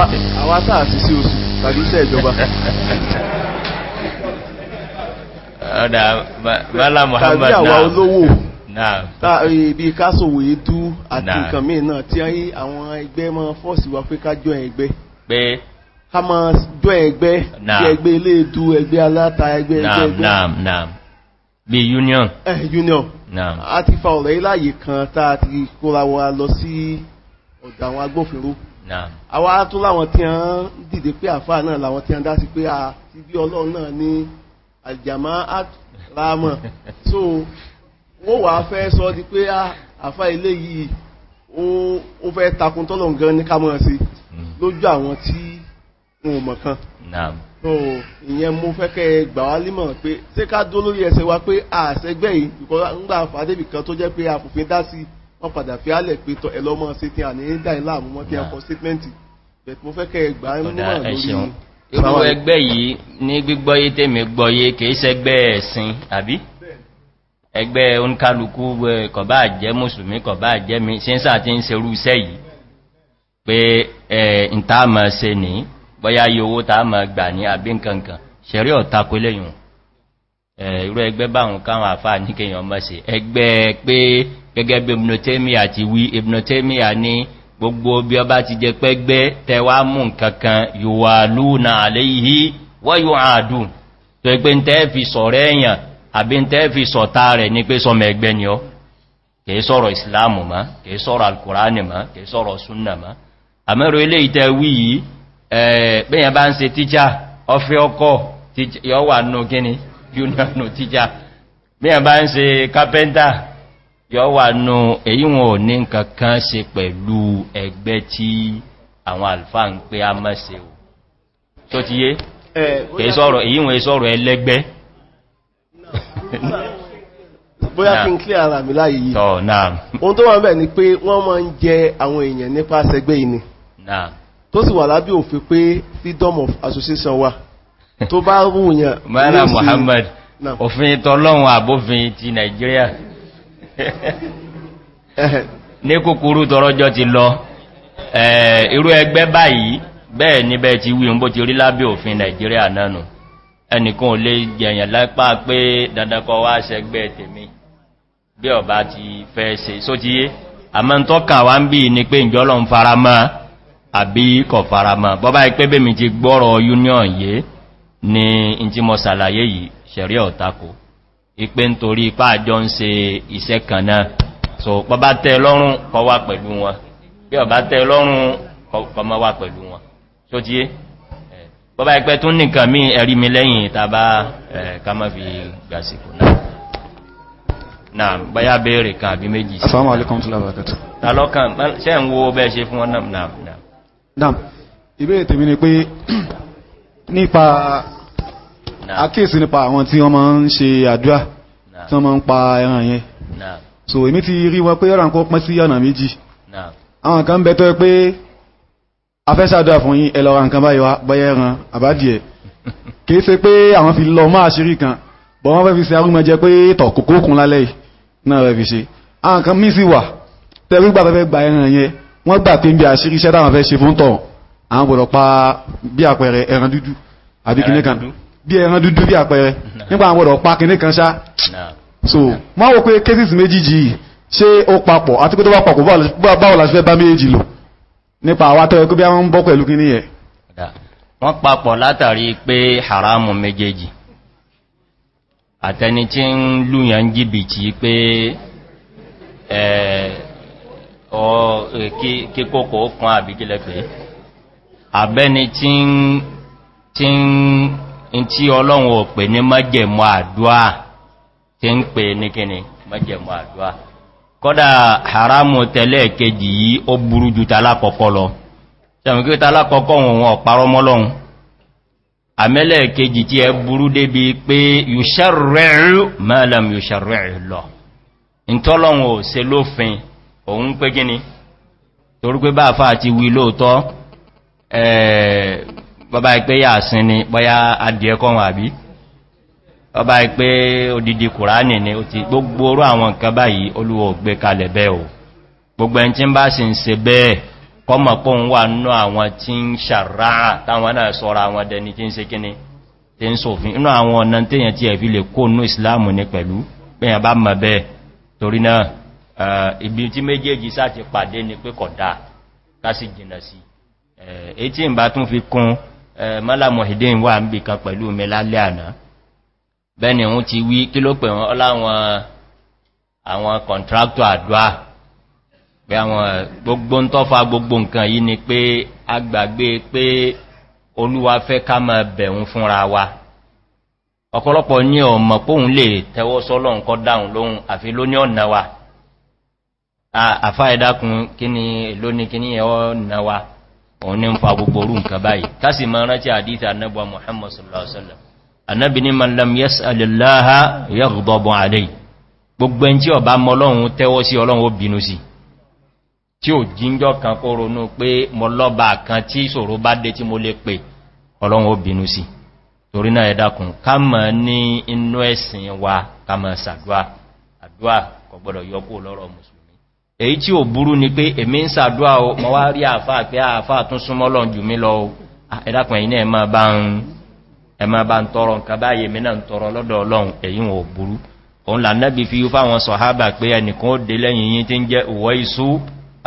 àwa tá a sì sí oṣù tàbí iṣẹ́ ìjọba ọ̀dà bala muhammad náà tàbí àwa olówó bí kásòwò ètú àti nǹkan míì náà tí àwọn ẹgbẹ́ máa fọ́ọ̀sì wa pé ká jọ ẹgbẹ́ pé ká máa jọ ẹgbẹ́ bí ẹgbẹ́ ilé ètú ẹgbẹ́ aláta ẹgbẹ́ ẹgbẹ́ bí union eh union a ti fa ọ̀rẹ́ láyé kan tá a ti kóra wa lọ sí ọ̀dà àwọn agbófinró àwọn atún láwọn tí wọ́n dìde pé àfáà náà láwọn tí wọ́n dá sí pé a ti bí ọlọ́run náà ní àjàmá àtúrámọ̀ so ó wà fẹ́ sọ di pé ah, àfáà ilé yìí ó fẹ́ takun tọ́lọ̀ gan ní ká mọ́ sí hmm. lójú àwọn tí wọn ò mọ̀ kan so ìyẹn mo fẹ́ kẹ́ gbà wá límọ̀ pé ṣé ká dó lórí ẹsẹ̀ wa pé àṣẹgbẹ́ ah, yìí nígbà fàdébì kan tó jẹ́ pé àfòfin dá sí wọ́n padà fi álẹ̀ pé tọ ẹlọ́mọ sí tí a ní dá ilá àmúmọ́ kí a kọ sípẹ́ntì bẹ̀t mo fẹ́ kẹ́ ẹgbà nímọ̀ lórí irú ẹgbẹ́ yìí ní gbígbọ́yé tèmi gbọ́yé kìí ṣẹgbẹ́ ẹ̀sìn àbí ẹgbẹ́ oníkálukú kọ̀bá jẹ́ mùsùlùmí kọ̀bá jẹ́ mi ṣíńsà tí ń serú iṣẹ́ yìí pé ẹ̀ ìtààmà se ní bọ́yá yí owó tààmà gbà ní àbí nkankan ṣẹ̀rí ọ̀tako lẹ́yìn irú ẹgbẹ́ báwọn káwọn àfáà ní kéèyàn mọ́ sí ẹgbẹ́ pé gẹ́gẹ́ bí ibn taymiya ti wí ibn taymiya ní gbogbo bí ọ bá ti jẹ pẹ́ gbẹ́ tẹwàá mú nkankan yíwa lúna àléyìí wọ́yọ̀ àádùn tó ẹgbẹ́ ń tẹ́ sọ̀rẹ́ èèyàn àbí ń tẹ́ sọ̀ta rẹ̀ ní pé sọmọ ẹgbẹ́ ni ọ kìí sọ̀rọ̀ ìsìláàmù ma kìí sọ̀rọ̀ alkùránì ma kìí sọ̀rọ̀ súnnà ma àmẹ́rọ ilé ìtẹ́ wí yìí bẹ́yàn bá ń se tíjá ọfẹ́ ọkọ̀ yọ wà nù gíní yúnà nù tíjá bẹ́yàn bá ń se kápẹ́ntà yọ wà nù èyí wọn ò ní kankan se pẹ̀lú ẹgbẹ́ tí àwọn alfa ń pé a mọ́ se o tó ti yé èyí wọn sọ́rọ̀ ẹlẹ́gbẹ́ bóyá kí n ara mi láyé ohun tó wọ́n ni pé wọ́n ń jẹ àwọn èèyàn nípa sẹgbẹ́ ìní tó sì pé freedom of association wa, tó bá òfin àbófin ti nigeria ní kúkúrú tọrọjọ́ ti lọ eh, irú ẹgbẹ́ báyìí bẹ́ẹ̀ níbẹ̀ ti wí ń bó ti rí lábẹ́ òfin nàìjíríà nánu ẹnìkan ò lè jẹ̀yàn lápá pé dandakọ wá ṣẹgbẹ́ tèmi bí ọba ti fẹ́ ṣe só ti yé àmọ́ ń tọ́ka wá ń bí ní pé ìjọ́lọ̀ ń faramá àbí kọ̀ faramá bọ́bá ipé bèmi ti gbọ́rọ̀ union yé ni in ti mọ́ sàlàyé yìí ṣẹ̀rí ọ̀tako ìpé ń torí ipá àjọ ń se iṣẹ́ kan náà so bọ́bá tẹ́ lọ́rùn kọ wá pẹ̀lú wọn bí ọ̀bá tẹ́ lọ́rùn kọ mọ́ wá pẹ̀lú wọn so jíé bọ́bá ipẹ́ tún nìkan mí ẹ̀rí mi lẹ́yìn tàbá kama fi gbàsìkò náà náà báyá bèèrè kan àbí méjì sí ìbéèrè tèmi ni pé nípa àkíyèsí nípa àwọn tí wọ́n máa ń ṣe àdúrà tí wọ́n máa ń pa ẹran yẹn so èmi ti rí wọn pé ọ̀ràn kó pín sí ọ̀nà méjì àwọn kan bẹ tó yẹ pé afẹ́sàdúrà fún yín ẹ lọ ra nǹkan báyìí wá bọ́yẹ́ ẹran àbádìẹ kìí ṣe pé àwọn fi lọ máa ṣírí kan bọ́ wọ́n fẹ́ fi ṣe arúmọjẹ pé tọ̀ kòkókùn lálẹ́ yìí náà rẹ̀ fi ṣe àwọn kan mí sí wà tẹ́rí gbà fẹ́fẹ́ gba ẹran yẹn wọ́n gbà pé bí àṣírí iṣẹ́ táwọn fẹ́ ṣe fún tọ̀ àwọn gbọ́dọ̀ pa bí àpẹẹrẹ ẹran dúdú àbí bí ẹran dúdú bí àpẹẹrẹ mm-hmm. nípa àwọn ọ̀dọ̀ pa kan ṣá so wọ́n wò pé cases méjìjì ṣé ó papọ̀ àti pé tó papọ̀ báwo la ṣe fẹ́ bá méjì lò nípa àwọn atọ́ bí wọ́n ń bọ́ in tí ọlọ́run ò pè ní májẹ̀mọ́ àdúà tí ń pè ní kíni májẹ̀mọ́ àdúà kọ́dà haramu tẹ́lẹ̀ kejì yìí ó burú jù talákọ̀ọ́kọ́ lọ tẹ́mùkí talákọ̀ọ́kọ́ wọn ọ̀parọ́ mọ́lọ́run àmẹ́lẹ̀ kejì tí ẹ burú débi pé yùṣẹ́rẹ̀rù mẹ́lẹ̀m yùṣẹ́rẹ̀rù lọ ìntọ́lọ́run ò se lófin òun pé gíní torí pé bá àfáà ti wí lóòtọ́ bọ́bá ìpé yàásín ni bọ́yá adìẹ kọ́wọ́n àbí bọ́bá ìpé odidi kùránì ni ó ti gbogbo orú àwọn nǹkan báyìí olúwọ̀ gbé kalẹ̀ bẹ́ o gbogbo ẹn tí ń bá sì ń se bẹ́ẹ̀ kọmọ̀ pọ̀ ń wà nú àwọn tí ń ṣàrá táwọn náà sọ́ra àwọn dẹni tí ń se kíní tí ń sòfin inú àwọn ọ̀nà tèyàn tí ní pẹ̀lú pẹ̀yàn tún fi kún mọ́lá mọ̀hìdín wà ń bí kan pẹ̀lú mẹ́lálẹ́ àná bẹ́ni wọ́n ti wí kí ló pẹ̀ láwọn àwọn kọntraktor àdúà pé àwọn gbogbo ń tọ́fà gbogbo nǹkan yìí ni pé agbàgbé pé olúwa fẹ́ ká mọ́ bẹ̀rún fúnra wa ọ̀pọ̀lọpọ̀ ní ọmọ póhun lè tẹ́wọ́ sọ́lọ́n kọ́ dáhùn lóhun àfi ló ní ọ̀nà wa àfáìdákun kí ni ló ní kí wa òun ní ń fa gbogbo orú nǹkan báyìí kásì máa rántí àdíta annabuwa muhammad sallallahu alaihi wasallam annabi ni man lam yas'alillaha yaghdabu alayhi gbogbo en tí ó bá mọ Ọlọ́hun tẹ́wọ́ sí Ọlọ́hun ó bínú sí tí ó jinjo kan kó ronú pé mo kan tí ìṣòro bá dé tí mo lè pè Ọlọ́hun ó sí torí náà ẹ ká má ní inú ẹ̀sìn wa ká má ṣàdúà àdúà kò gbọdọ̀ lọ́rọ̀ muslim èyí tí ò burú ni pé èmi ń sàdúwà o mọ́ wá rí àfáà pé àfáà tún súnmọ́ lọ́n jù mí lọ ẹ̀dàkùn ẹ̀yìn ẹ̀mà bá ń tọrọ nǹkan báyé mi náà ń tọrọ lọ́dọ̀ ọlọ́run èyí ò burú òun là náà bí fi yú fáwọn sọ̀hábà pé ẹnìkan ó dé lẹ́yìn yí tí ń jẹ́ ìwọ̀ isú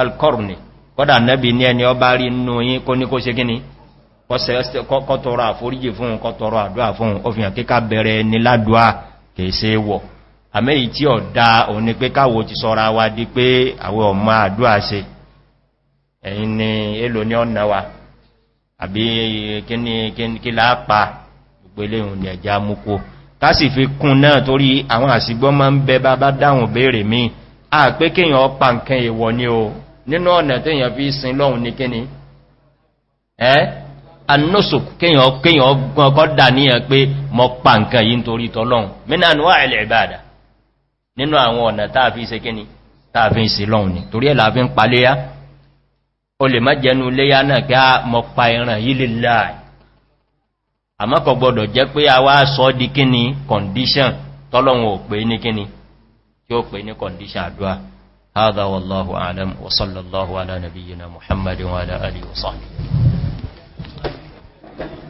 alkọrùnì kọ́dà náàbì ní ẹni ọba rí nínú yí kó ní kó ṣe gíní kọ́tọrọ àforíjì fún kọ́tọrọ àdúà fún òfihàn kíkà bẹ̀rẹ̀ ní ládùá kèèṣe wọ̀ àmẹ́ yìí tí ọ̀dá òun ni pé káwò ti sọ́ra wa di pé àwẹ́ ọmọ àdúwà se ẹ̀yìn ni èlò ní ọ̀nà wa àbí kí láàpá gbogbo eléhùn ni ẹ̀já múkó ká fi kún náà torí àwọn àsìgbọ́ máa ń bẹ bá bá dáhùn béèrè mi a pé kíyàn ọpa nǹkan o nínú ọ̀nà tíyàn fi sin lọ́hun ní kíni ẹ́ anúsùk kíyàn ọgbọ́n kọ́ dà níyàn pé mọ́ pa nǹkan yìí nítorí tọ́lọ́hun mínà níwà ilẹ̀ ìbáadà nínú àwọn ọ̀nà tààfin ṣe kíni tààfin sí lọ́un ni torí ẹ̀là fi ń pa léyá o lè má jẹnu léyá náà kí a mọ pa ìran yìí lè láàá àmọ́kọ̀ gbọdọ̀ jẹ́ pé a wá sọ di kíni condition tọ́lọ́run pé ní kíni tí ó pé ní condition àdúrà هذا والله أعلم وصلى الله على نبينا محمد وعلى آله وصحبه